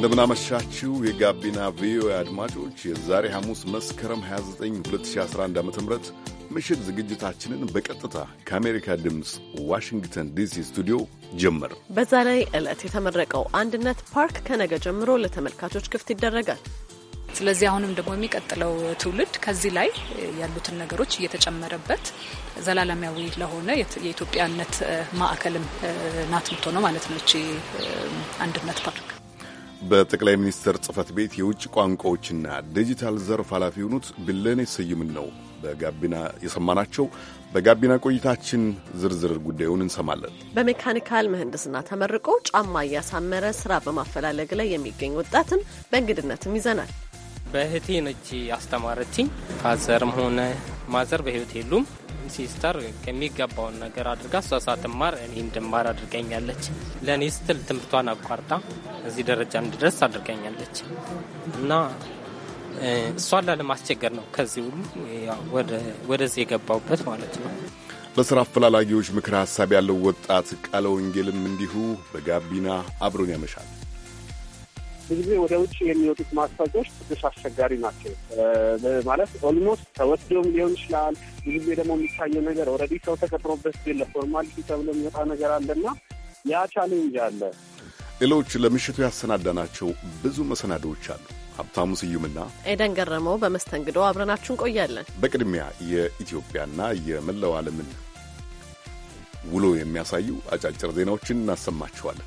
እንደምናመሻችው የጋቢና ቪኦኤ አድማጮች የዛሬ ሐሙስ መስከረም 29 2011 ዓ ም ምሽት ዝግጅታችንን በቀጥታ ከአሜሪካ ድምፅ ዋሽንግተን ዲሲ ስቱዲዮ ጀመር። በዛሬ ዕለት የተመረቀው አንድነት ፓርክ ከነገ ጀምሮ ለተመልካቾች ክፍት ይደረጋል። ስለዚህ አሁንም ደግሞ የሚቀጥለው ትውልድ ከዚህ ላይ ያሉትን ነገሮች እየተጨመረበት ዘላለማዊ ለሆነ የኢትዮጵያነት ማዕከልም ናት ነው ማለት ነው። አንድነት ፓርክ በጠቅላይ ሚኒስትር ጽህፈት ቤት የውጭ ቋንቋዎችና ዲጂታል ዘርፍ ኃላፊ የሆኑት ቢለኔ ስዩምን ነው በጋቢና የሰማናቸው። በጋቢና ቆይታችን ዝርዝር ጉዳዩን እንሰማለን። በሜካኒካል ምህንድስና ተመርቆ ጫማ እያሳመረ ስራ በማፈላለግ ላይ የሚገኝ ወጣትን በእንግድነትም ይዘናል። በእህቴ ነች ያስተማረችኝ። ፋዘርም ሆነ ማዘር በህይወት የሉም። ሲስተር ከሚገባውን ነገር አድርጋ እሷ ሳትማር እኔ እንድማር አድርገኛለች። ለእኔ ስትል ትምህርቷን አቋርጣ እዚህ ደረጃ እንድደርስ አድርገኛለች እና እሷን ላለማስቸገር ነው ከዚህ ሁሉ ወደዚህ የገባውበት ማለት ነው። ለሥራ አፈላላጊዎች ምክር ሐሳብ ያለው ወጣት ቃለ ወንጌልም እንዲሁ በጋቢና አብሮን ያመሻል። ብዙ ጊዜ ወደ ውጭ የሚወጡት ማስታወቂያዎች ትንሽ አስቸጋሪ ናቸው። ማለት ኦልሞስት ተወስዶም ሊሆን ይችላል። ብዙ ጊዜ ደግሞ የሚታየው ነገር ኦልሬዲ ሰው ተቀጥሮበት ለፎርማሊቲ ተብሎ የሚወጣ ነገር አለና ያ ቻሌንጅ አለ። ሌሎች ለምሽቱ ያሰናዳናቸው ብዙ መሰናዶዎች አሉ። ሀብታሙ ስዩምና ኤደን ገረመው በመስተንግዶ አብረናችሁ እንቆያለን። በቅድሚያ የኢትዮጵያና የመላው ዓለምን ውሎ የሚያሳዩ አጫጭር ዜናዎችን እናሰማችኋለን።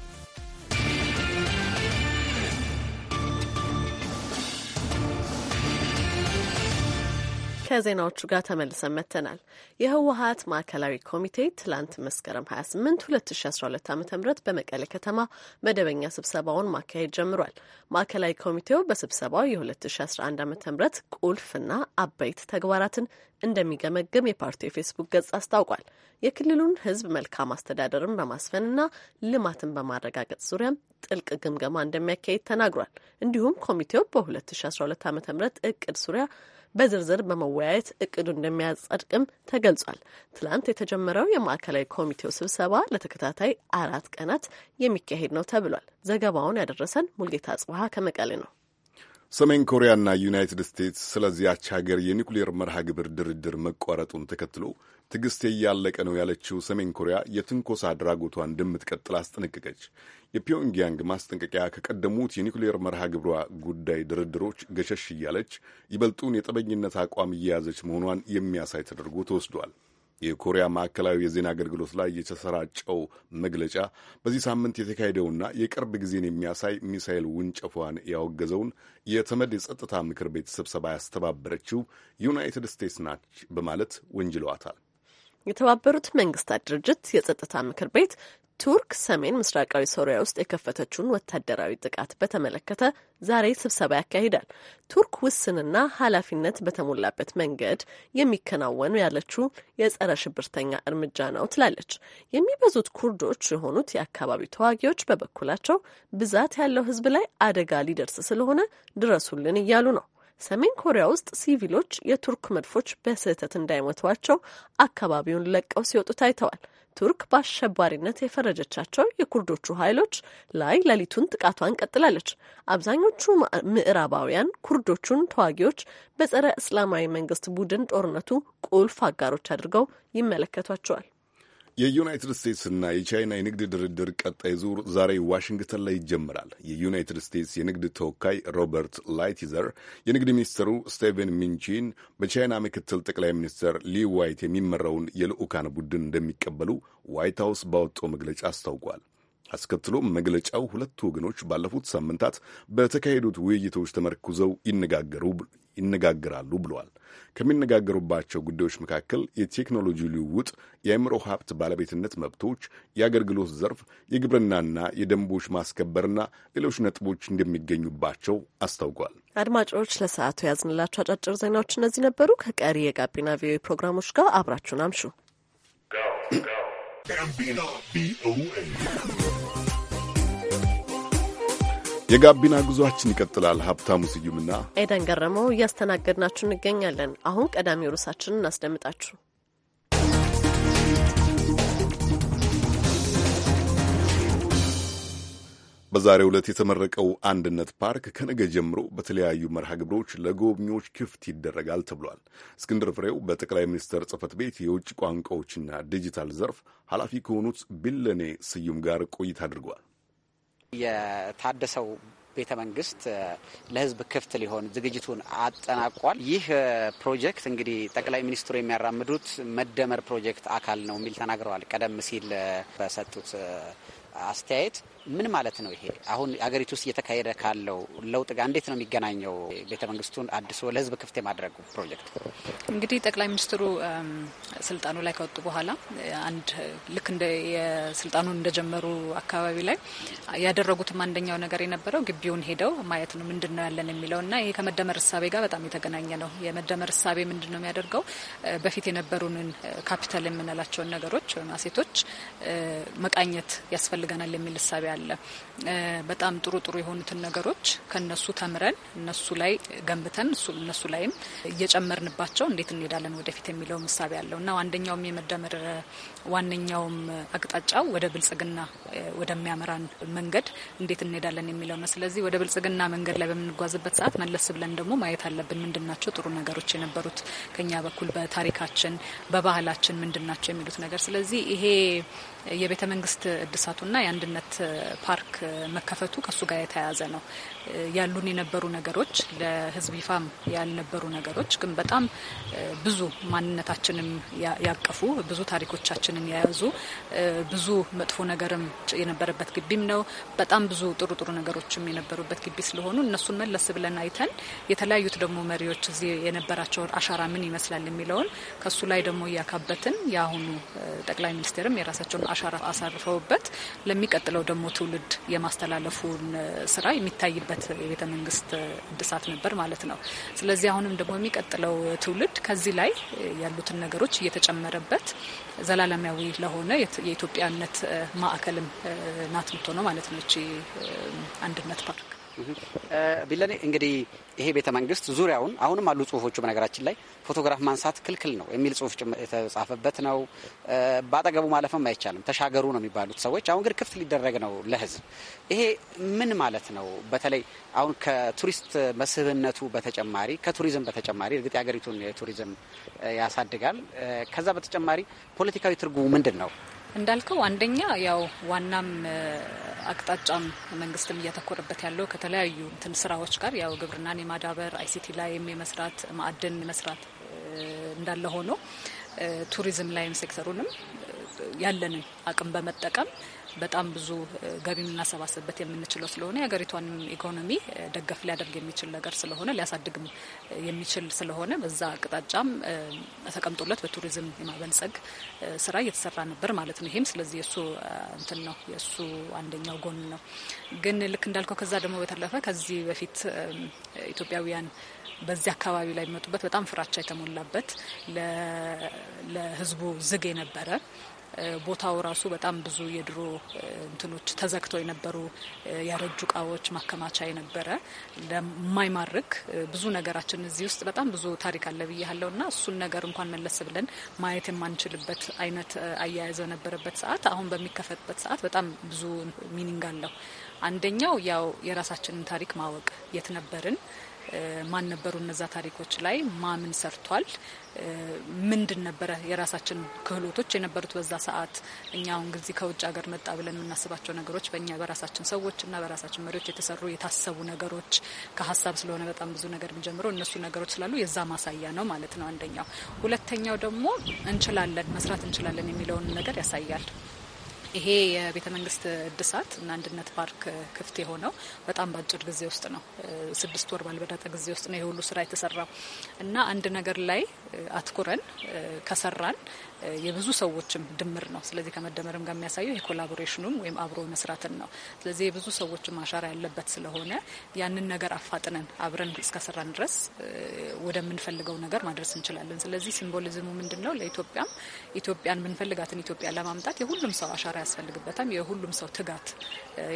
ከዜናዎቹ ጋር ተመልሰን መጥተናል። የህወሀት ማዕከላዊ ኮሚቴ ትላንት መስከረም 28 2012 ዓ ም በመቀሌ ከተማ መደበኛ ስብሰባውን ማካሄድ ጀምሯል። ማዕከላዊ ኮሚቴው በስብሰባው የ2011 ዓ ም ቁልፍና አበይት ተግባራትን እንደሚገመግም የፓርቲው የፌስቡክ ገጽ አስታውቋል። የክልሉን ህዝብ መልካም አስተዳደርን በማስፈንና ልማትን በማረጋገጥ ዙሪያም ጥልቅ ግምገማ እንደሚያካሄድ ተናግሯል። እንዲሁም ኮሚቴው በ2012 ዓ ም እቅድ ዙሪያ በዝርዝር በመወያየት እቅዱ እንደሚያጸድቅም ተገልጿል። ትላንት የተጀመረው የማዕከላዊ ኮሚቴው ስብሰባ ለተከታታይ አራት ቀናት የሚካሄድ ነው ተብሏል። ዘገባውን ያደረሰን ሙልጌታ ጽብሃ ከመቀሌ ነው። ሰሜን ኮሪያና ዩናይትድ ስቴትስ ስለዚያች ሀገር የኒውክሌር መርሃ ግብር ድርድር መቋረጡን ተከትሎ ትዕግስቴ እያለቀ ነው ያለችው ሰሜን ኮሪያ የትንኮሳ አድራጎቷ እንደምትቀጥል አስጠነቀቀች። የፒዮንግያንግ ማስጠንቀቂያ ከቀደሙት የኒውክሌር መርሃ ግብሯ ጉዳይ ድርድሮች ገሸሽ እያለች ይበልጡን የጠበኝነት አቋም እየያዘች መሆኗን የሚያሳይ ተደርጎ ተወስዷል። የኮሪያ ማዕከላዊ የዜና አገልግሎት ላይ የተሰራጨው መግለጫ በዚህ ሳምንት የተካሄደውና የቅርብ ጊዜን የሚያሳይ ሚሳይል ውንጨፏን ያወገዘውን የተመድ የጸጥታ ምክር ቤት ስብሰባ ያስተባበረችው ዩናይትድ ስቴትስ ናች በማለት ወንጅለዋታል። የተባበሩት መንግስታት ድርጅት የጸጥታ ምክር ቤት ቱርክ ሰሜን ምስራቃዊ ሶሪያ ውስጥ የከፈተችውን ወታደራዊ ጥቃት በተመለከተ ዛሬ ስብሰባ ያካሂዳል። ቱርክ ውስንና ኃላፊነት በተሞላበት መንገድ የሚከናወኑ ያለችው የጸረ ሽብርተኛ እርምጃ ነው ትላለች። የሚበዙት ኩርዶች የሆኑት የአካባቢው ተዋጊዎች በበኩላቸው ብዛት ያለው ሕዝብ ላይ አደጋ ሊደርስ ስለሆነ ድረሱልን እያሉ ነው። ሰሜን ኮሪያ ውስጥ ሲቪሎች የቱርክ መድፎች በስህተት እንዳይመቷቸው አካባቢውን ለቀው ሲወጡ ታይተዋል። ቱርክ በአሸባሪነት የፈረጀቻቸው የኩርዶቹ ኃይሎች ላይ ሌሊቱን ጥቃቷን ቀጥላለች። አብዛኞቹ ምዕራባውያን ኩርዶቹን ተዋጊዎች በጸረ እስላማዊ መንግስት ቡድን ጦርነቱ ቁልፍ አጋሮች አድርገው ይመለከቷቸዋል። የዩናይትድ ስቴትስና የቻይና የንግድ ድርድር ቀጣይ ዙር ዛሬ ዋሽንግተን ላይ ይጀምራል። የዩናይትድ ስቴትስ የንግድ ተወካይ ሮበርት ላይቲዘር የንግድ ሚኒስትሩ ስቴቨን ሚንቺን በቻይና ምክትል ጠቅላይ ሚኒስትር ሊ ዋይት የሚመራውን የልዑካን ቡድን እንደሚቀበሉ ዋይት ሀውስ ባወጣው መግለጫ አስታውቋል። አስከትሎም መግለጫው ሁለቱ ወገኖች ባለፉት ሳምንታት በተካሄዱት ውይይቶች ተመርኩዘው ይነጋገራሉ ብለዋል። ከሚነጋገሩባቸው ጉዳዮች መካከል የቴክኖሎጂ ልውውጥ፣ የአእምሮ ሀብት ባለቤትነት መብቶች፣ የአገልግሎት ዘርፍ፣ የግብርናና የደንቦች ማስከበርና ሌሎች ነጥቦች እንደሚገኙባቸው አስታውቋል። አድማጮች ለሰዓቱ ያዝንላቸው አጫጭር ዜናዎች እነዚህ ነበሩ። ከቀሪ የጋቢና ቪኦኤ ፕሮግራሞች ጋር አብራችሁን አምሹ። የጋቢና ጉዞችን ይቀጥላል። ሀብታሙ ስዩምና ኤደን ገረመው እያስተናገድናችሁ እንገኛለን። አሁን ቀዳሚ ርዕሳችንን እናስደምጣችሁ። በዛሬ ዕለት የተመረቀው አንድነት ፓርክ ከነገ ጀምሮ በተለያዩ መርሃ ግብሮች ለጎብኚዎች ክፍት ይደረጋል ተብሏል። እስክንድር ፍሬው በጠቅላይ ሚኒስትር ጽህፈት ቤት የውጭ ቋንቋዎችና ዲጂታል ዘርፍ ኃላፊ ከሆኑት ቢለኔ ስዩም ጋር ቆይታ አድርጓል። የታደሰው ቤተ መንግስት ለህዝብ ክፍት ሊሆን ዝግጅቱን አጠናቋል። ይህ ፕሮጀክት እንግዲህ ጠቅላይ ሚኒስትሩ የሚያራምዱት መደመር ፕሮጀክት አካል ነው የሚል ተናግረዋል። ቀደም ሲል በሰጡት አስተያየት ምን ማለት ነው? ይሄ አሁን አገሪቱ ውስጥ እየተካሄደ ካለው ለውጥ ጋር እንዴት ነው የሚገናኘው? ቤተ መንግስቱን አድሶ ለህዝብ ክፍት የማድረጉ ፕሮጀክት እንግዲህ ጠቅላይ ሚኒስትሩ ስልጣኑ ላይ ከወጡ በኋላ አንድ ልክ እንደ የስልጣኑን እንደጀመሩ አካባቢ ላይ ያደረጉትም አንደኛው ነገር የነበረው ግቢውን ሄደው ማየት ነው። ምንድን ነው ያለን የሚለው እና ይሄ ከመደመር እሳቤ ጋር በጣም የተገናኘ ነው። የመደመር እሳቤ ምንድን ነው የሚያደርገው? በፊት የነበሩንን ካፒታል የምንላቸውን ነገሮች ወይም አሴቶች መቃኘት ያስፈልጋል ያስፈልገናል የሚል እሳቤ አለ። በጣም ጥሩ ጥሩ የሆኑትን ነገሮች ከነሱ ተምረን እነሱ ላይ ገንብተን እነሱ ላይም እየጨመርንባቸው እንዴት እንሄዳለን ወደፊት የሚለው እሳቤ አለው እና አንደኛውም የመደመር ዋነኛውም አቅጣጫው ወደ ብልጽግና ወደሚያመራን መንገድ እንዴት እንሄዳለን የሚለው ነው። ስለዚህ ወደ ብልጽግና መንገድ ላይ በምንጓዝበት ሰዓት መለስ ብለን ደግሞ ማየት አለብን። ምንድናቸው ጥሩ ነገሮች የነበሩት ከኛ በኩል በታሪካችን በባህላችን ምንድናቸው የሚሉት ነገር። ስለዚህ ይሄ የቤተ መንግስት እድሳቱና የአንድነት ፓርክ መከፈቱ ከሱ ጋር የተያያዘ ነው። ያሉን የነበሩ ነገሮች ለህዝብ ይፋም ያልነበሩ ነገሮች ግን በጣም ብዙ ማንነታችንም ያቀፉ ብዙ ታሪኮቻችን ነገሮችንም የያዙ ብዙ መጥፎ ነገርም የነበረበት ግቢም ነው። በጣም ብዙ ጥሩ ጥሩ ነገሮችም የነበሩበት ግቢ ስለሆኑ እነሱን መለስ ብለን አይተን የተለያዩት ደግሞ መሪዎች እዚህ የነበራቸውን አሻራ ምን ይመስላል የሚለውን ከሱ ላይ ደግሞ እያካበትን የአሁኑ ጠቅላይ ሚኒስትርም የራሳቸውን አሻራ አሳርፈውበት ለሚቀጥለው ደግሞ ትውልድ የማስተላለፉን ስራ የሚታይበት የቤተ መንግስት እድሳት ነበር ማለት ነው። ስለዚህ አሁንም ደግሞ የሚቀጥለው ትውልድ ከዚህ ላይ ያሉትን ነገሮች እየተጨመረበት ዘላለማዊ ለሆነ የኢትዮጵያነት ማዕከልም ናት ምትሆነው ማለት ነው። አንድነት ፓርክ ቢለኔ እንግዲህ ይሄ ቤተ መንግስት ዙሪያውን አሁንም አሉ ጽሁፎቹ። በነገራችን ላይ ፎቶግራፍ ማንሳት ክልክል ነው የሚል ጽሁፍ የተጻፈበት ነው። በአጠገቡ ማለፍም አይቻልም። ተሻገሩ ነው የሚባሉት ሰዎች። አሁን ግን ክፍት ሊደረግ ነው ለህዝብ። ይሄ ምን ማለት ነው? በተለይ አሁን ከቱሪስት መስህብነቱ በተጨማሪ ከቱሪዝም በተጨማሪ እርግጥ የሀገሪቱን ቱሪዝም ያሳድጋል። ከዛ በተጨማሪ ፖለቲካዊ ትርጉሙ ምንድን ነው? እንዳልከው አንደኛ ያው ዋናም አቅጣጫም መንግስትም እያተኮረበት ያለው ከተለያዩ እንትን ስራዎች ጋር ያው ግብርናን የማዳበር አይሲቲ ላይም የመስራት ማዕድን መስራት እንዳለ ሆኖ ቱሪዝም ላይም ሴክተሩንም ያለንን አቅም በመጠቀም በጣም ብዙ ገቢ የምናሰባሰብበት የምንችለው ስለሆነ የሀገሪቷንም ኢኮኖሚ ደገፍ ሊያደርግ የሚችል ነገር ስለሆነ ሊያሳድግም የሚችል ስለሆነ በዛ አቅጣጫም ተቀምጦለት በቱሪዝም የማበልጸግ ስራ እየተሰራ ነበር ማለት ነው። ይህም ስለዚህ የእሱ እንትን ነው የእሱ አንደኛው ጎን ነው። ግን ልክ እንዳልከው ከዛ ደግሞ በተለፈ ከዚህ በፊት ኢትዮጵያውያን በዚህ አካባቢ ላይ የሚመጡበት በጣም ፍራቻ የተሞላበት ለህዝቡ ዝግ የነበረ ቦታው ራሱ በጣም ብዙ የድሮ እንትኖች ተዘግተው የነበሩ ያረጁ እቃዎች ማከማቻ የነበረ ለማይማርክ ብዙ ነገራችን እዚህ ውስጥ በጣም ብዙ ታሪክ አለ ብያለው እና እሱን ነገር እንኳን መለስ ብለን ማየት የማንችልበት አይነት አያያዘ ነበረበት ሰዓት አሁን በሚከፈትበት ሰዓት በጣም ብዙ ሚኒንግ አለው። አንደኛው ያው የራሳችንን ታሪክ ማወቅ የት ነበርን ማን ነበሩ እነዛ ታሪኮች ላይ ማምን ሰርቷል፣ ምንድን ነበረ የራሳችን ክህሎቶች የነበሩት በዛ ሰዓት። እኛ አሁን ጊዜ ከውጭ ሀገር መጣ ብለን የምናስባቸው ነገሮች በእኛ በራሳችን ሰዎች እና በራሳችን መሪዎች የተሰሩ የታሰቡ ነገሮች ከሀሳብ ስለሆነ በጣም ብዙ ነገር የሚጀምረው እነሱ ነገሮች ስላሉ የዛ ማሳያ ነው ማለት ነው አንደኛው። ሁለተኛው ደግሞ እንችላለን መስራት እንችላለን የሚለውን ነገር ያሳያል። ይሄ የቤተ መንግስት እድሳት እና አንድነት ፓርክ ክፍት የሆነው በጣም በአጭር ጊዜ ውስጥ ነው። ስድስት ወር ባልበዳጠ ጊዜ ውስጥ ነው የሁሉ ስራ የተሰራው እና አንድ ነገር ላይ አትኩረን ከሰራን የብዙ ሰዎችም ድምር ነው። ስለዚህ ከመደመርም ጋር የሚያሳየው የኮላቦሬሽኑም ወይም አብሮ መስራትን ነው። ስለዚህ የብዙ ሰዎችም አሻራ ያለበት ስለሆነ ያንን ነገር አፋጥነን አብረን እስከሰራን ድረስ ወደምንፈልገው ነገር ማድረስ እንችላለን። ስለዚህ ሲምቦሊዝሙ ምንድን ነው? ለኢትዮጵያም ኢትዮጵያን የምንፈልጋትን ኢትዮጵያ ለማምጣት የሁሉም ሰው አሻራ ያስፈልግበታል። የሁሉም ሰው ትጋት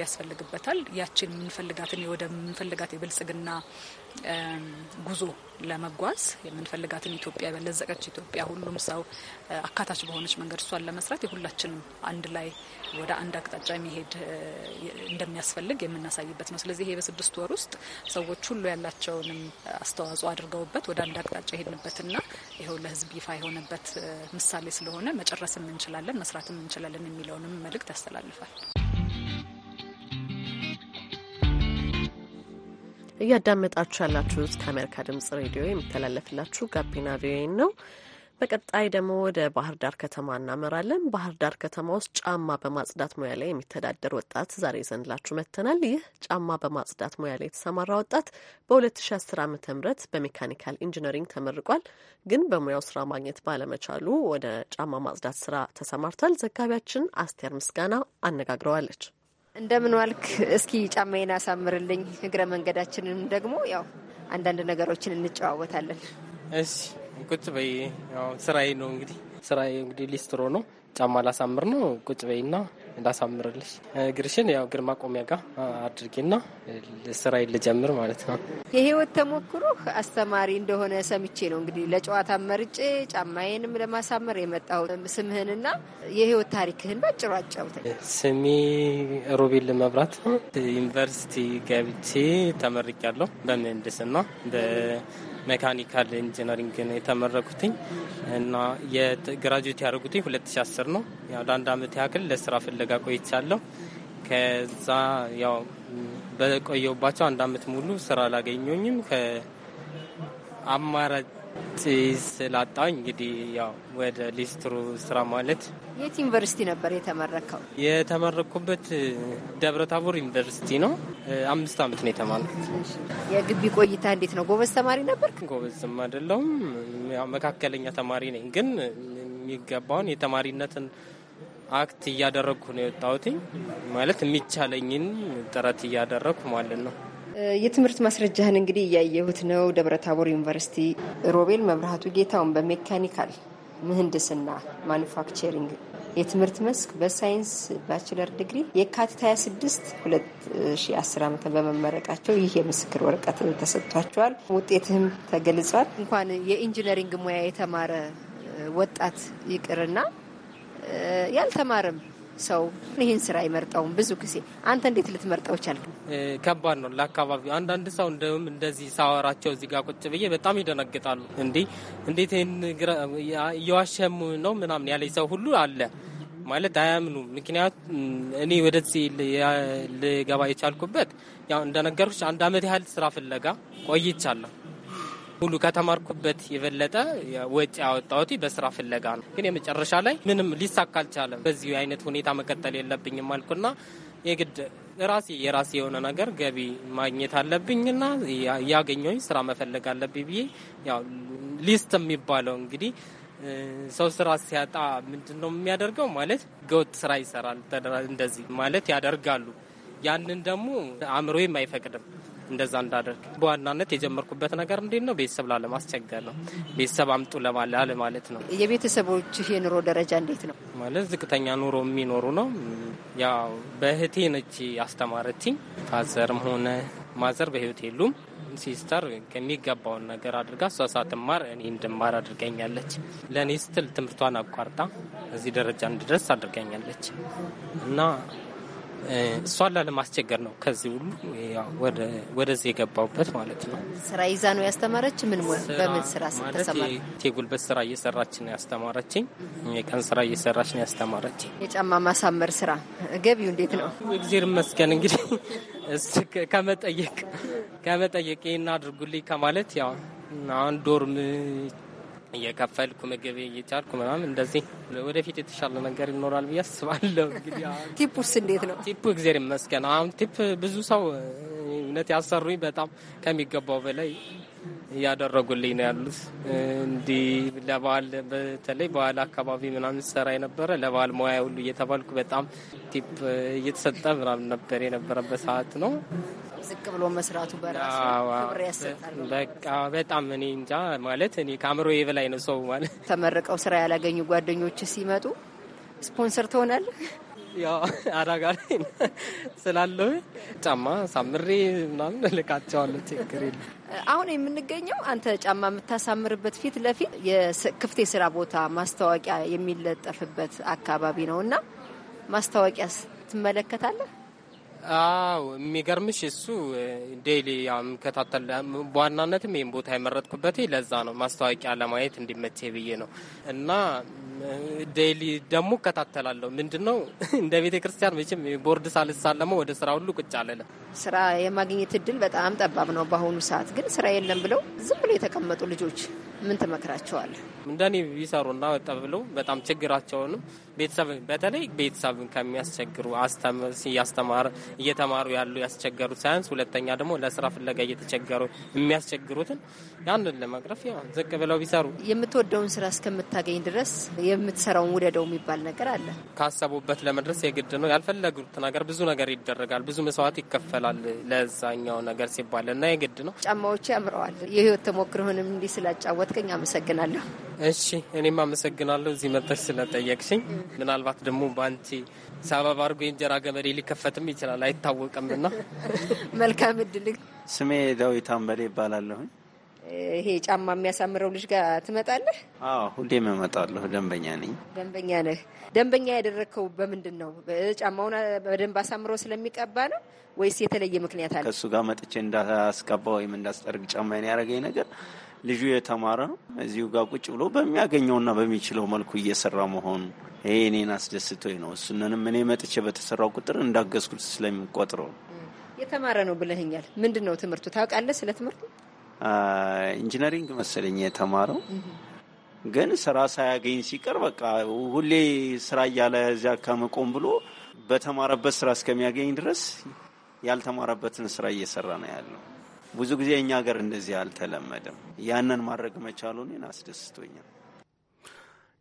ያስፈልግበታል። ያችን የምንፈልጋትን ወደምንፈልጋት የብልጽግና ጉዞ ለመጓዝ የምንፈልጋትን ኢትዮጵያ በለዘቀች ኢትዮጵያ ሁሉም ሰው አካታች በሆነች መንገድ እሷን ለመስራት የሁላችንም አንድ ላይ ወደ አንድ አቅጣጫ መሄድ እንደሚያስፈልግ የምናሳይበት ነው። ስለዚህ ይሄ በስድስት ወር ውስጥ ሰዎች ሁሉ ያላቸውንም አስተዋጽኦ አድርገውበት ወደ አንድ አቅጣጫ የሄድንበትና ይኸው ለሕዝብ ይፋ የሆነበት ምሳሌ ስለሆነ መጨረስም እንችላለን፣ መስራትም እንችላለን የሚለውንም መልእክት ያስተላልፋል። እያዳመጣችሁ ያላችሁት ከአሜሪካ ድምጽ ሬዲዮ የሚተላለፍላችሁ ጋቢና ቪኦኤ ነው። በቀጣይ ደግሞ ወደ ባህር ዳር ከተማ እናመራለን። ባህር ዳር ከተማ ውስጥ ጫማ በማጽዳት ሙያ ላይ የሚተዳደር ወጣት ዛሬ ይዘንላችሁ መጥተናል። ይህ ጫማ በማጽዳት ሙያ ላይ የተሰማራ ወጣት በ2010 ዓ ም በሜካኒካል ኢንጂነሪንግ ተመርቋል። ግን በሙያው ስራ ማግኘት ባለመቻሉ ወደ ጫማ ማጽዳት ስራ ተሰማርቷል። ዘጋቢያችን አስቴር ምስጋና አነጋግረዋለች። እንደምን ዋልክ? እስኪ ጫማዬን አሳምርልኝ፣ እግረ መንገዳችንን ደግሞ ያው አንዳንድ ነገሮችን እንጨዋወታለን። እሺ ቁጭ በይ። ስራዬ ነው እንግዲህ ስራዬ እንግዲህ ሊስትሮ ነው። ጫማ ላሳምር ነው። ቁጭ በይና እንዳሳምርልሽ እግርሽን ያው እግር ማቆሚያ ጋር አድርጌና ስራዬን ልጀምር ማለት ነው። የህይወት ተሞክሮ አስተማሪ እንደሆነ ሰምቼ ነው እንግዲህ ለጨዋታ መርጬ ጫማዬንም ለማሳመር የመጣው ስምህንና የህይወት ታሪክህን ባጭሩ አጫውተኝ። ስሜ ሮቤል መብራት ዩኒቨርሲቲ ገብቼ ተመርቄያለሁ በምህንድስና ሜካኒካል ኢንጂነሪንግ የተመረኩትኝ እና የግራጁዌት ያደረጉትኝ 2010 ነው። ያው ለአንድ አመት ያክል ለስራ ፍለጋ ቆይቻለሁ። ከዛ ያው በቆየውባቸው አንድ አመት ሙሉ ስራ አላገኘኝም። አማራጭ ስላጣኝ እንግዲህ ያው ወደ ሊስትሮ ስራ ማለት። የት ዩኒቨርሲቲ ነበር የተመረከው? የተመረኩበት ደብረታቦር ዩኒቨርሲቲ ነው። አምስት አመት ነው የተማርኩት። የግቢ ቆይታ እንዴት ነው? ጎበዝ ተማሪ ነበር? ጎበዝም አይደለሁም፣ መካከለኛ ተማሪ ነኝ። ግን የሚገባውን የተማሪነትን አክት እያደረግኩ ነው የወጣሁትኝ ማለት የሚቻለኝን ጥረት እያደረግኩ ማለት ነው። የትምህርት ማስረጃህን እንግዲህ እያየሁት ነው። ደብረታቦር ዩኒቨርሲቲ፣ ሮቤል መብርሃቱ ጌታውን በሜካኒካል ምህንድስና ማኑፋክቸሪንግ የትምህርት መስክ በሳይንስ ባችለር ዲግሪ የካቲት 26 2010 ዓ.ም በመመረቃቸው ይህ የምስክር ወረቀት ተሰጥቷቸዋል። ውጤትህም ተገልጿል። እንኳን የኢንጂነሪንግ ሙያ የተማረ ወጣት ይቅርና ያልተማረም ሰው ይህን ስራ አይመርጠውም። ብዙ ጊዜ አንተ እንዴት ልትመርጠው ቻል? ከባድ ነው ለአካባቢው። አንዳንድ ሰው እንደውም እንደዚህ ሳወራቸው እዚህ ጋር ቁጭ ብዬ በጣም ይደነግጣሉ። እንዲህ እንዴት ይህን እየዋሸም ነው ምናምን ያለኝ ሰው ሁሉ አለ ማለት አያምኑ። ምክንያት እኔ ወደዚህ ልገባ የቻልኩበት ያው እንደነገርኩሽ አንድ አመት ያህል ስራ ፍለጋ ቆይቻለሁ። ሁሉ ከተማርኩበት የበለጠ ወጪ ያወጣሁት በስራ ፍለጋ ነው። ግን የመጨረሻ ላይ ምንም ሊሳካ አልቻለም። በዚህ አይነት ሁኔታ መቀጠል የለብኝም አልኩና የግድ ራሴ የራሴ የሆነ ነገር ገቢ ማግኘት አለብኝና ያገኘኝ ስራ መፈለግ አለብኝ ብዬ ያው ሊስት የሚባለው እንግዲህ ሰው ስራ ሲያጣ ምንድን ነው የሚያደርገው? ማለት ገወጥ ስራ ይሰራል እንደዚህ ማለት ያደርጋሉ። ያንን ደግሞ አእምሮዬም አይፈቅድም። እንደዛ እንዳደርግ በዋናነት የጀመርኩበት ነገር እንዴት ነው ቤተሰብ ላለማስቸገር ነው። ቤተሰብ አምጡ ለማለ ማለት ነው። የቤተሰቦች የኑሮ ደረጃ እንዴት ነው? ማለት ዝቅተኛ ኑሮ የሚኖሩ ነው። ያው በእህቴ ነች ያስተማረችኝ። ፋዘርም ሆነ ማዘር በህይወት የሉም። ሲስተር ከሚገባውን ነገር አድርጋ እሷ ሳትማር እኔ እንድማር አድርገኛለች። ለእኔ ስትል ትምህርቷን አቋርጣ እዚህ ደረጃ እንድደርስ አድርገኛለች እና እሷን ላለማስቸገር ነው። ከዚህ ሁሉ ወደዚህ የገባውበት ማለት ነው። ስራ ይዛ ነው ያስተማረች። ምን በምን ስራ ስተሰማ? የጉልበት ስራ እየሰራች ነው ያስተማረችኝ። የቀን ስራ እየሰራች ነው ያስተማረችኝ። የጫማ ማሳመር ስራ ገቢው እንዴት ነው? እግዜር ይመስገን እንግዲህ ከመጠየቅ ከመጠየቅ ይህን አድርጉልኝ ከማለት ያው አንድ ዶርም እየከፈልኩ ምግብ እየቻልኩ ምናምን እንደዚህ ወደፊት የተሻለ ነገር ይኖራል ብዬ አስባለሁ። ቲፑስ እንዴት ነው? ቲፑ እግዜር ይመስገን። አሁን ቲፕ ብዙ ሰው እውነት ያሰሩኝ በጣም ከሚገባው በላይ እያደረጉልኝ ነው ያሉት። እንዲህ ለበዓል በተለይ በዓል አካባቢ ምናምን ሰራ የነበረ ለበዓል ሙያ ሁሉ እየተባልኩ በጣም ቲፕ እየተሰጠ ምናምን ነበር የነበረበት ሰዓት ነው። ዝቅ ብሎ መስራቱ በራሱ ክብር ያሰጣል። በቃ በጣም እኔ እንጃ ማለት እኔ ከአእምሮዬ በላይ ነው ሰው ማለት። ተመርቀው ስራ ያላገኙ ጓደኞች ሲመጡ ስፖንሰር ትሆናለህ ያው አራጋ ስላለው ጫማ ሳምሬ ምናምን እልካቸዋለሁ። ችግር የለም። አሁን የምንገኘው አንተ ጫማ የምታሳምርበት ፊት ለፊት የክፍት የስራ ቦታ ማስታወቂያ የሚለጠፍበት አካባቢ ነው እና ማስታወቂያ ትመለከታለህ? አዎ የሚገርምሽ እሱ ዴይሊ የምከታተል በዋናነትም ይህን ቦታ የመረጥኩበት ለዛ ነው ማስታወቂያ ለማየት እንዲመቼ ብዬ ነው እና ዴይሊ ደግሞ እከታተላለሁ። ምንድን ነው እንደ ቤተ ክርስቲያን መቼም ቦርድ ሳልሳለመው ወደ ስራ ሁሉ ቁጭ አለለ። ስራ የማግኘት እድል በጣም ጠባብ ነው። በአሁኑ ሰዓት ግን ስራ የለም ብለው ዝም ብሎ የተቀመጡ ልጆች ምን ትመክራቸዋል? እንደኔ ቢሰሩና ወጣ ብለው በጣም ችግራቸውንም ቤተሰብ በተለይ ቤተሰብን ከሚያስቸግሩ እያስተማረ እየተማሩ ያሉ ያስቸገሩ ሳያንስ ሁለተኛ ደግሞ ለስራ ፍለጋ እየተቸገሩ የሚያስቸግሩትን ያንን ለመቅረፍ ያው ዝቅ ብለው ቢሰሩ። የምትወደውን ስራ እስከምታገኝ ድረስ የምትሰራውን ውደደው የሚባል ነገር አለ። ካሰቡበት ለመድረስ የግድ ነው። ያልፈለጉት ነገር ብዙ ነገር ይደረጋል፣ ብዙ መስዋዕት ይከፈላል ለዛኛው ነገር ሲባል እና የግድ ነው። ጫማዎች ያምረዋል። የህይወት ተሞክሮህንም እንዲህ ስለጋበዝከኝ አመሰግናለሁ። እሺ እኔም አመሰግናለሁ እዚህ መጥተሽ ስለጠየቅሽኝ። ምናልባት ደግሞ በአንቺ ሰበብ አድርጎ የእንጀራ ገበሬ ሊከፈትም ይችላል አይታወቅም። ና መልካም እድል። ስሜ ዳዊት አንበሌ ይባላለሁኝ። ይሄ ጫማ የሚያሳምረው ልጅ ጋር ትመጣለህ? አዎ ሁሌም እመጣለሁ። ደንበኛ ነኝ። ደንበኛ ነህ። ደንበኛ ያደረግከው በምንድን ነው? ጫማውን በደንብ አሳምሮ ስለሚቀባ ነው ወይስ የተለየ ምክንያት አለ? ከእሱ ጋር መጥቼ እንዳስቀባ ወይም እንዳስጠርግ ጫማ ያደረገኝ ነገር ልጁ የተማረ እዚሁ ጋር ቁጭ ብሎ በሚያገኘውና በሚችለው መልኩ እየሰራ መሆኑ ይሄ እኔን አስደስቶኝ ነው። እሱንንም እኔ መጥቼ በተሰራው ቁጥር እንዳገዝኩት ስለሚቆጥረው የተማረ ነው ብለህኛል። ምንድን ነው ትምህርቱ ታውቃለህ? ስለ ትምህርቱ ኢንጂነሪንግ መሰለኝ የተማረው ግን ስራ ሳያገኝ ሲቀር በቃ ሁሌ ስራ እያለ እዚያ ከመቆም ብሎ በተማረበት ስራ እስከሚያገኝ ድረስ ያልተማረበትን ስራ እየሰራ ነው ያለው። ብዙ ጊዜ እኛ ሀገር እንደዚህ አልተለመደም። ያንን ማድረግ መቻሉን አስደስቶኛል።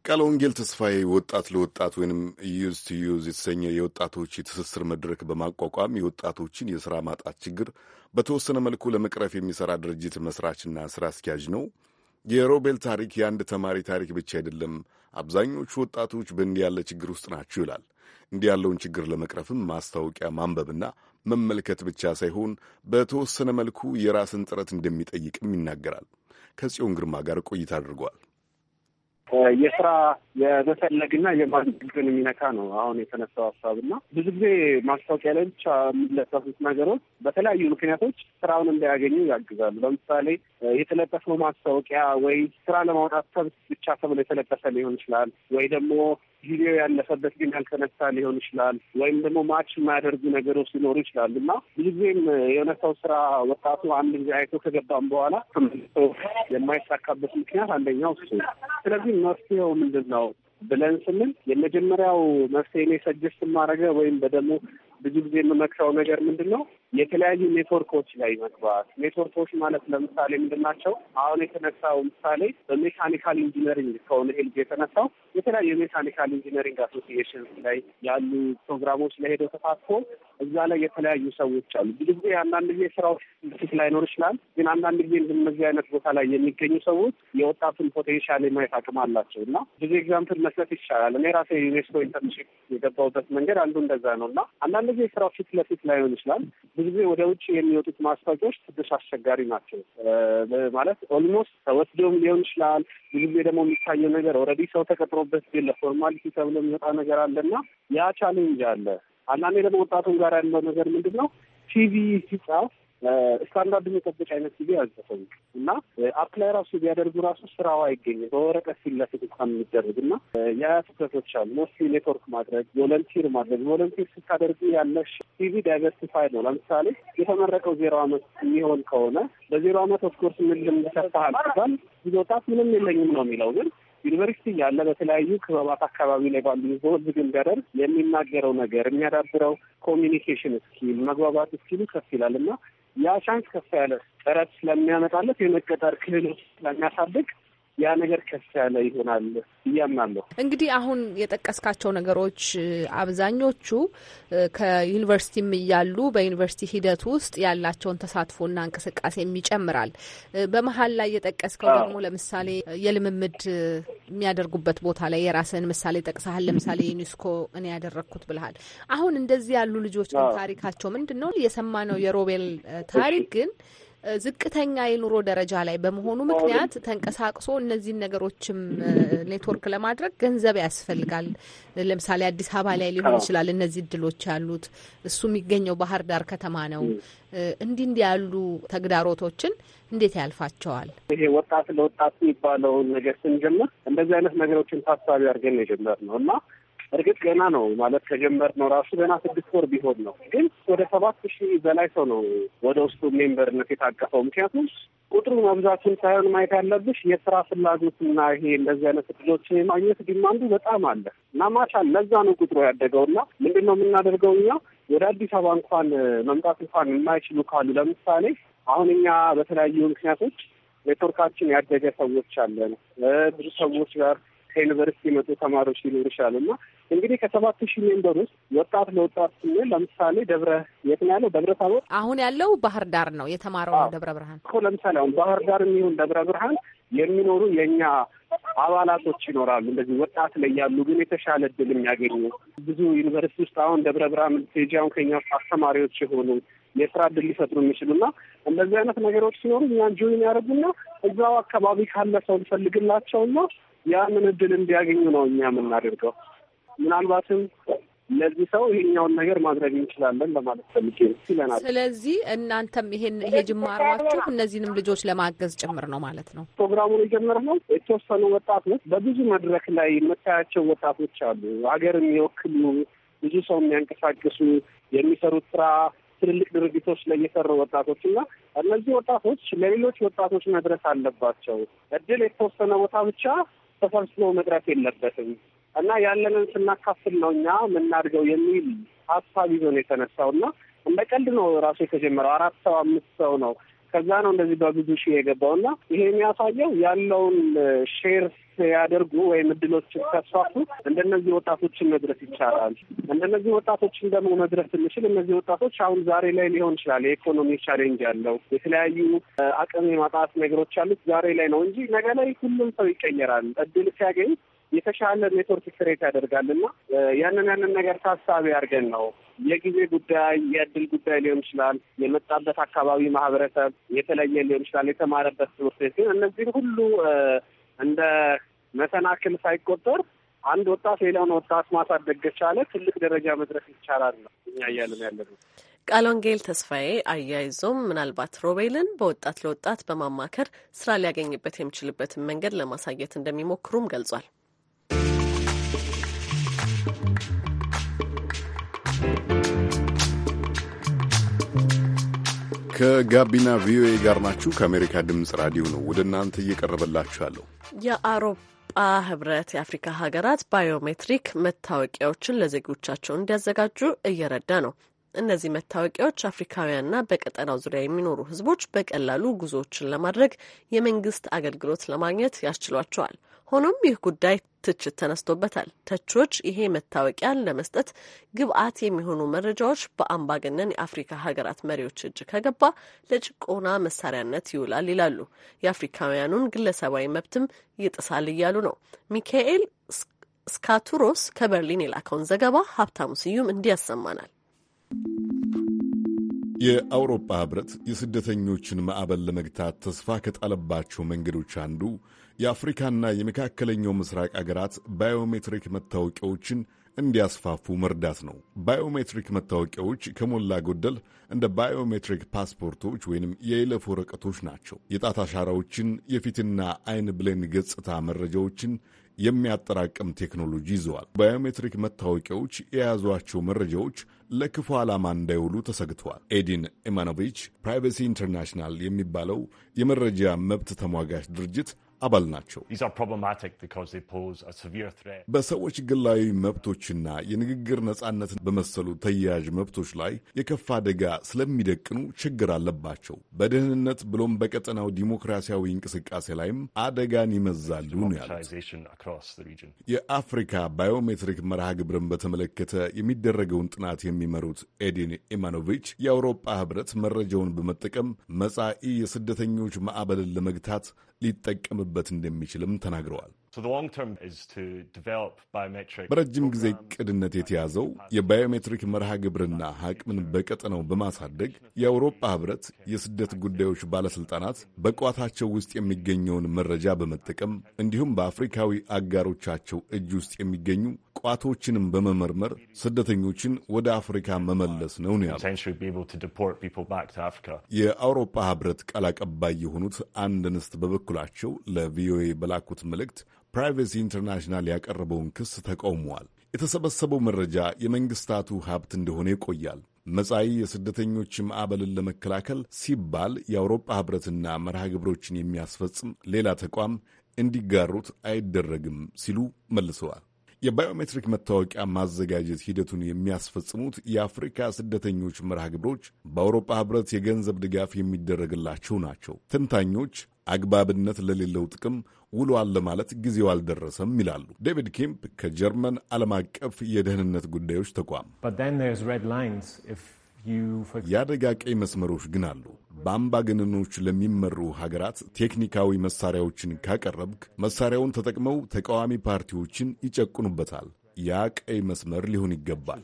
ቃለ ወንጌል ተስፋዬ ወጣት ለወጣት ወይም ዩዝ ቱ ዩዝ የተሰኘ የወጣቶች የትስስር መድረክ በማቋቋም የወጣቶችን የሥራ ማጣት ችግር በተወሰነ መልኩ ለመቅረፍ የሚሠራ ድርጅት መሥራችና ሥራ አስኪያጅ ነው። የሮቤል ታሪክ የአንድ ተማሪ ታሪክ ብቻ አይደለም። አብዛኞቹ ወጣቶች በእንዲህ ያለ ችግር ውስጥ ናቸው ይላል። እንዲህ ያለውን ችግር ለመቅረፍም ማስታወቂያ ማንበብና መመልከት ብቻ ሳይሆን በተወሰነ መልኩ የራስን ጥረት እንደሚጠይቅም ይናገራል። ከጽዮን ግርማ ጋር ቆይታ አድርጓል። የስራ የመፈለግና የማንግን የሚነካ ነው። አሁን የተነሳው ሀሳብና ብዙ ጊዜ ማስታወቂያ ላይ ብቻ የሚለጠፉት ነገሮች በተለያዩ ምክንያቶች ስራውን እንዳያገኙ ያግዛሉ። ለምሳሌ የተለጠፈው ማስታወቂያ ወይ ስራ ለማውጣት ብቻ ተብሎ የተለጠፈ ሊሆን ይችላል፣ ወይ ደግሞ ጊዜው ያለፈበት ግን ያልተነሳ ሊሆን ይችላል፣ ወይም ደግሞ ማች የማያደርጉ ነገሮች ሊኖሩ ይችላል እና ብዙ ጊዜም የሆነ ሰው ስራ ወጣቱ አንድ ጊዜ አይቶ ከገባም በኋላ የማይሳካበት ምክንያት አንደኛው እሱ። ስለዚህ መፍትሄው ምንድን ነው ብለን ስንል የመጀመሪያው መፍትሄ እኔ ሰጀስት ማድረገ ወይም በደግሞ ብዙ ጊዜ የምመክረው ነገር ምንድን ነው የተለያዩ ኔትወርኮች ላይ መግባት። ኔትወርኮች ማለት ለምሳሌ ምንድን ናቸው? አሁን የተነሳው ምሳሌ በሜካኒካል ኢንጂነሪንግ ከሆነ ሄልጅ የተነሳው የተለያዩ የሜካኒካል ኢንጂነሪንግ አሶሲዬሽን ላይ ያሉ ፕሮግራሞች ላይ ሄደው ተሳትፎ እዛ ላይ የተለያዩ ሰዎች አሉ። ብዙ ጊዜ አንዳንድ ጊዜ ስራዎች ፊት ላይኖር ይችላል፣ ግን አንዳንድ ጊዜ እንደነዚህ አይነት ቦታ ላይ የሚገኙ ሰዎች የወጣቱን ፖቴንሻል የማየት አቅም አላቸው እና ብዙ ኤግዛምፕል መስጠት ይቻላል። እኔ ራሴ ዩኔስኮ ኢንተርንሽፕ የገባሁበት መንገድ አንዱ እንደዛ ነው እና አንዳንድ ስለዚህ የስራው ፊት ለፊት ላይሆን ይችላል። ብዙ ጊዜ ወደ ውጭ የሚወጡት ማስታወቂያዎች ትንሽ አስቸጋሪ ናቸው። ማለት ኦልሞስት ተወስዶም ሊሆን ይችላል። ብዙ ጊዜ ደግሞ የሚታየው ነገር ኦልሬዲ ሰው ተቀጥሮበት የለ ፎርማሊቲ ተብሎ የሚወጣ ነገር አለ አለና ያ ቻሌንጅ አለ። አንዳንዴ ደግሞ ወጣቱን ጋር ያለው ነገር ምንድን ነው ቲቪ ሲጻፍ ስታንዳርዱን የጠበቀ አይነት ሲቪ አልጽፈውም እና አፕላይ ራሱ ቢያደርጉ ራሱ ስራው አይገኝም። በወረቀት ፊት ለፊት እንኳን የሚደረግ እና ያ ትኩረቶች አሉ። ሞስሊ ኔትወርክ ማድረግ፣ ቮለንቲር ማድረግ። ቮለንቲር ስታደርጉ ያለሽ ሲቪ ዳይቨርሲፋይ ነው። ለምሳሌ የተመረቀው ዜሮ አመት የሚሆን ከሆነ በዜሮ አመት ኦፍኮርስ ምን ልምድ ሰርተሃል ሲባል ምንም የለኝም ነው የሚለው ግን ዩኒቨርሲቲ ያለ በተለያዩ ክበባት አካባቢ ላይ ባሉ ህዝብ ግን ቢያደርግ የሚናገረው ነገር የሚያዳብረው ኮሚኒኬሽን ስኪል መግባባት ስኪሉ ከፍ ይላል እና ያ ቻንስ ከፍ ያለ ጥረት ስለሚያመጣለት የመቀጠር ክህሎት ስለሚያሳድግ ያ ነገር ከፍ ያለ ይሆናል እያምናለሁ። እንግዲህ አሁን የጠቀስካቸው ነገሮች አብዛኞቹ ከዩኒቨርሲቲም እያሉ በዩኒቨርሲቲ ሂደት ውስጥ ያላቸውን ተሳትፎና እንቅስቃሴም ይጨምራል። በመሀል ላይ የጠቀስከው ደግሞ ለምሳሌ የልምምድ የሚያደርጉበት ቦታ ላይ የራስህን ምሳሌ ጠቅሰሃል። ለምሳሌ ዩኒስኮ እኔ ያደረግኩት ብልሃል። አሁን እንደዚህ ያሉ ልጆች ታሪካቸው ምንድን ነው? የሰማነው የሮቤል ታሪክ ግን ዝቅተኛ የኑሮ ደረጃ ላይ በመሆኑ ምክንያት ተንቀሳቅሶ እነዚህን ነገሮችም ኔትወርክ ለማድረግ ገንዘብ ያስፈልጋል። ለምሳሌ አዲስ አበባ ላይ ሊሆን ይችላል እነዚህ እድሎች ያሉት፣ እሱ የሚገኘው ባህር ዳር ከተማ ነው። እንዲህ እንዲህ ያሉ ተግዳሮቶችን እንዴት ያልፋቸዋል? ይሄ ወጣት ለወጣት የሚባለውን ነገር ስንጀምር እንደዚህ አይነት ነገሮችን ታሳቢ አድርገን የጀመር ነው እና እርግጥ ገና ነው ማለት ከጀመር ነው ራሱ ገና ስድስት ወር ቢሆን ነው። ግን ወደ ሰባት ሺህ በላይ ሰው ነው ወደ ውስጡ ሜምበርነት የታቀፈው። ምክንያቱም ቁጥሩ መብዛቱን ሳይሆን ማየት ያለብሽ የስራ ፍላጎትና ይሄ እንደዚህ አይነት እድሎችን የማግኘት ዲማንዱ በጣም አለ እና ማሻል ለዛ ነው ቁጥሩ ያደገው እና ምንድን ነው የምናደርገው እኛ ወደ አዲስ አበባ እንኳን መምጣት እንኳን የማይችሉ ካሉ ለምሳሌ አሁን እኛ በተለያዩ ምክንያቶች ኔትወርካችን ያደገ ሰዎች አለን ብዙ ሰዎች ጋር ከዩኒቨርሲቲ የመጡ ተማሪዎች ሊኖር ይችላሉ እና እንግዲህ ከሰባት ሺህ ሜምበር ውስጥ ወጣት ለወጣት ስንል ለምሳሌ ደብረ የት ነው ያለው? ደብረ ታቦር አሁን ያለው ባህር ዳር ነው የተማረው ነው ደብረ ብርሃን እኮ ለምሳሌ አሁን ባህር ዳር የሚሆን ደብረ ብርሃን የሚኖሩ የእኛ አባላቶች ይኖራሉ። እንደዚህ ወጣት ላይ ያሉ ግን የተሻለ እድል የሚያገኙ ብዙ ዩኒቨርሲቲ ውስጥ አሁን ደብረ ብርሃን ቴጃውን ከኛ ውስጥ አስተማሪዎች የሆኑ የስራ እድል ሊፈጥሩ የሚችሉና እንደዚህ አይነት ነገሮች ሲኖሩ እኛን ጆይን ያደርጉና እዛው አካባቢ ካለ ሰው እንፈልግላቸውና ያንን እድል እንዲያገኙ ነው እኛ የምናደርገው። ምናልባትም ለዚህ ሰው ይሄኛውን ነገር ማድረግ እንችላለን ለማለት ፈልጌ ይለናል። ስለዚህ እናንተም ይሄን ይሄ ጅማሯችሁ እነዚህንም ልጆች ለማገዝ ጭምር ነው ማለት ነው። ፕሮግራሙን የጀመርነው የተወሰኑ ወጣቶች በብዙ መድረክ ላይ የምታያቸው ወጣቶች አሉ፣ ሀገር የሚወክሉ ብዙ ሰው የሚያንቀሳቅሱ የሚሰሩት ስራ ትልልቅ ድርጅቶች ላይ የሰሩ ወጣቶች እና እነዚህ ወጣቶች ለሌሎች ወጣቶች መድረስ አለባቸው። እድል የተወሰነ ቦታ ብቻ ተሰብስቦ መድረስ የለበትም እና ያለንን ስናካፍል ነው እኛ የምናድገው የሚል ሀሳብ ይዞ ነው የተነሳው እና እንደ ቀልድ ነው ራሱ የተጀመረው። አራት ሰው አምስት ሰው ነው ከዛ ነው እንደዚህ በብዙ ሺህ የገባው እና ይሄ የሚያሳየው ያለውን ሼር ያደርጉ ወይም እድሎችን ከሷፉ እንደነዚህ ወጣቶችን መድረስ ይቻላል። እንደነዚህ ወጣቶችን ደግሞ መድረስ ስንችል እነዚህ ወጣቶች አሁን ዛሬ ላይ ሊሆን ይችላል የኢኮኖሚ ቻሌንጅ ያለው የተለያዩ አቅም የማጣት ነገሮች ያሉት ዛሬ ላይ ነው እንጂ ነገ ላይ ሁሉም ሰው ይቀየራል። እድል ሲያገኝ የተሻለ ኔትወርክ ክሬት ያደርጋል እና ያንን ያንን ነገር ታሳቢ አድርገን ነው የጊዜ ጉዳይ፣ የእድል ጉዳይ ሊሆን ይችላል። የመጣበት አካባቢ ማህበረሰብ የተለየ ሊሆን ይችላል። የተማረበት ትምህርት ቤት ግን እነዚህን ሁሉ እንደ መሰናክል ሳይቆጠር አንድ ወጣት ሌላውን ወጣት ማሳደግ ከቻለ ትልቅ ደረጃ መድረስ ይቻላል ነው እኛ እያለን ያለ ነው። ቃል ወንጌል ተስፋዬ አያይዞም ምናልባት ሮቤልን በወጣት ለወጣት በማማከር ስራ ሊያገኝበት የሚችልበትን መንገድ ለማሳየት እንደሚሞክሩም ገልጿል። ከጋቢና ቪኦኤ ጋር ናችሁ። ከአሜሪካ ድምፅ ራዲዮ ነው ወደ እናንተ እየቀረበላችሁ ያለው። የአውሮፓ ህብረት የአፍሪካ ሀገራት ባዮሜትሪክ መታወቂያዎችን ለዜጎቻቸው እንዲያዘጋጁ እየረዳ ነው። እነዚህ መታወቂያዎች አፍሪካውያንና በቀጠናው ዙሪያ የሚኖሩ ህዝቦች በቀላሉ ጉዞዎችን ለማድረግ የመንግስት አገልግሎት ለማግኘት ያስችሏቸዋል። ሆኖም ይህ ጉዳይ ትችት ተነስቶበታል። ተቾች ይሄ መታወቂያን ለመስጠት ግብአት የሚሆኑ መረጃዎች በአምባገነን የአፍሪካ ሀገራት መሪዎች እጅ ከገባ ለጭቆና መሳሪያነት ይውላል ይላሉ። የአፍሪካውያኑን ግለሰባዊ መብትም ይጥሳል እያሉ ነው። ሚካኤል ስካቱሮስ ከበርሊን የላከውን ዘገባ ሀብታሙ ስዩም እንዲህ ያሰማናል። የአውሮፓ ህብረት የስደተኞችን ማዕበል ለመግታት ተስፋ ከጣለባቸው መንገዶች አንዱ የአፍሪካና የመካከለኛው ምስራቅ አገራት ባዮሜትሪክ መታወቂያዎችን እንዲያስፋፉ መርዳት ነው። ባዮሜትሪክ መታወቂያዎች ከሞላ ጎደል እንደ ባዮሜትሪክ ፓስፖርቶች ወይንም የይለፍ ወረቀቶች ናቸው። የጣት አሻራዎችን፣ የፊትና አይን ብሌን ገጽታ መረጃዎችን የሚያጠራቅም ቴክኖሎጂ ይዘዋል። ባዮሜትሪክ መታወቂያዎች የያዟቸው መረጃዎች ለክፉ ዓላማ እንዳይውሉ ተሰግተዋል። ኤዲን ኢማኖቪች ፕራይቬሲ ኢንተርናሽናል የሚባለው የመረጃ መብት ተሟጋች ድርጅት አባል ናቸው። በሰዎች ግላዊ መብቶችና የንግግር ነጻነትን በመሰሉ ተያያዥ መብቶች ላይ የከፋ አደጋ ስለሚደቅኑ ችግር አለባቸው። በደህንነት ብሎም በቀጠናው ዲሞክራሲያዊ እንቅስቃሴ ላይም አደጋን ይመዛሉ ነው ያሉት። የአፍሪካ ባዮሜትሪክ መርሃ ግብርን በተመለከተ የሚደረገውን ጥናት የሚመሩት ኤዲን ኢማኖቪች የአውሮፓ ህብረት መረጃውን በመጠቀም መጻኢ የስደተኞች ማዕበልን ለመግታት ሊጠቀምበት እንደሚችልም ተናግረዋል። በረጅም ጊዜ ቅድነት የተያዘው የባዮሜትሪክ መርሃ ግብርና አቅምን በቀጠናው በማሳደግ የአውሮፓ ህብረት የስደት ጉዳዮች ባለሥልጣናት በቋታቸው ውስጥ የሚገኘውን መረጃ በመጠቀም እንዲሁም በአፍሪካዊ አጋሮቻቸው እጅ ውስጥ የሚገኙ ቋቶችንም በመመርመር ስደተኞችን ወደ አፍሪካ መመለስ ነው ነው ያሉት። የአውሮፓ ህብረት ቃል አቀባይ የሆኑት አንድ እንስት በበኩላቸው ለቪኦኤ በላኩት መልእክት ፕራይቬሲ ኢንተርናሽናል ያቀረበውን ክስ ተቃውመዋል። የተሰበሰበው መረጃ የመንግስታቱ ሀብት እንደሆነ ይቆያል። መጻኢ የስደተኞች ማዕበልን ለመከላከል ሲባል የአውሮፓ ህብረትና መርሃ ግብሮችን የሚያስፈጽም ሌላ ተቋም እንዲጋሩት አይደረግም ሲሉ መልሰዋል። የባዮሜትሪክ መታወቂያ ማዘጋጀት ሂደቱን የሚያስፈጽሙት የአፍሪካ ስደተኞች መርሃ ግብሮች በአውሮፓ ህብረት የገንዘብ ድጋፍ የሚደረግላቸው ናቸው። ተንታኞች አግባብነት ለሌለው ጥቅም ውሏል ለማለት ጊዜው አልደረሰም ይላሉ ዴቪድ ኬምፕ ከጀርመን ዓለም አቀፍ የደህንነት ጉዳዮች ተቋም። የአደጋ ቀይ መስመሮች ግን አሉ። በአምባገነኖች ለሚመሩ ሀገራት ቴክኒካዊ መሳሪያዎችን ካቀረብክ መሳሪያውን ተጠቅመው ተቃዋሚ ፓርቲዎችን ይጨቁኑበታል። ያ ቀይ መስመር ሊሆን ይገባል።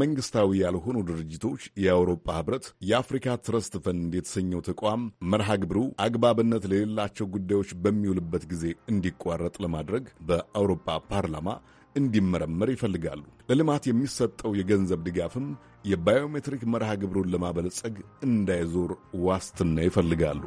መንግስታዊ ያልሆኑ ድርጅቶች የአውሮፓ ህብረት የአፍሪካ ትረስት ፈንድ የተሰኘው ተቋም መርሃ ግብሩ አግባብነት ለሌላቸው ጉዳዮች በሚውልበት ጊዜ እንዲቋረጥ ለማድረግ በአውሮፓ ፓርላማ እንዲመረመር ይፈልጋሉ። ለልማት የሚሰጠው የገንዘብ ድጋፍም የባዮሜትሪክ መርሃ ግብሩን ለማበለጸግ እንዳይዞር ዋስትና ይፈልጋሉ።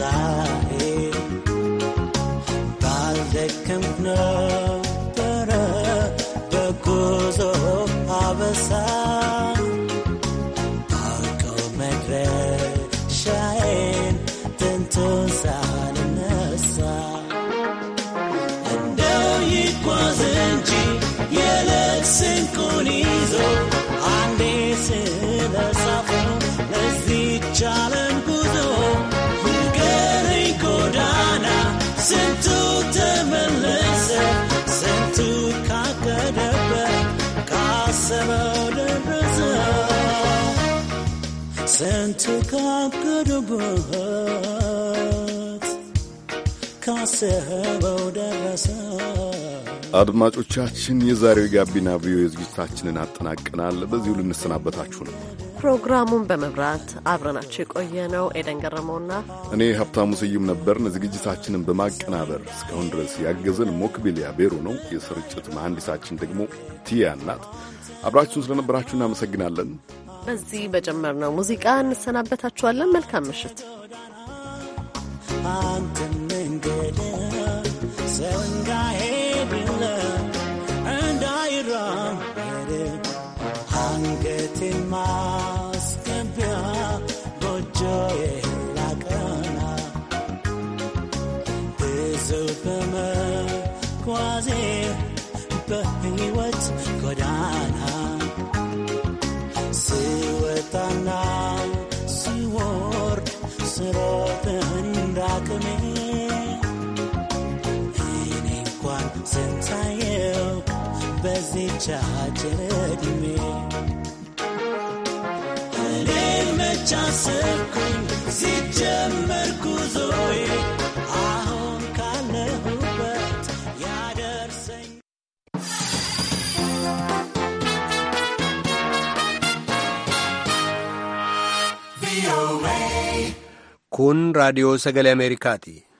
I am. camp now. አድማጮቻችን የዛሬው የጋቢና ቪዮ ዝግጅታችንን አጠናቀናል። በዚሁ ልንሰናበታችሁ ነው። ፕሮግራሙን በመብራት አብረናችሁ የቆየ ነው ኤደን ገረመውና እኔ ሀብታሙ ስዩም ነበርን። ዝግጅታችንን በማቀናበር እስካሁን ድረስ ያገዘን ሞክቢሊያ ቤሮ ነው። የስርጭት መሐንዲሳችን ደግሞ ቲያ ናት። አብራችሁን ስለነበራችሁ እናመሰግናለን። በዚህ በጀመርነው ሙዚቃ እንሰናበታችኋለን። መልካም ምሽት። በዚች አጭር ዕድሜ እኔን መች አሰብኩኝ ሲጀመር ጉዞዬ አሁን ካለሁበት ያደርሰኝ። ኩን ራዲዮ ሰገሌ አሜሪካቲ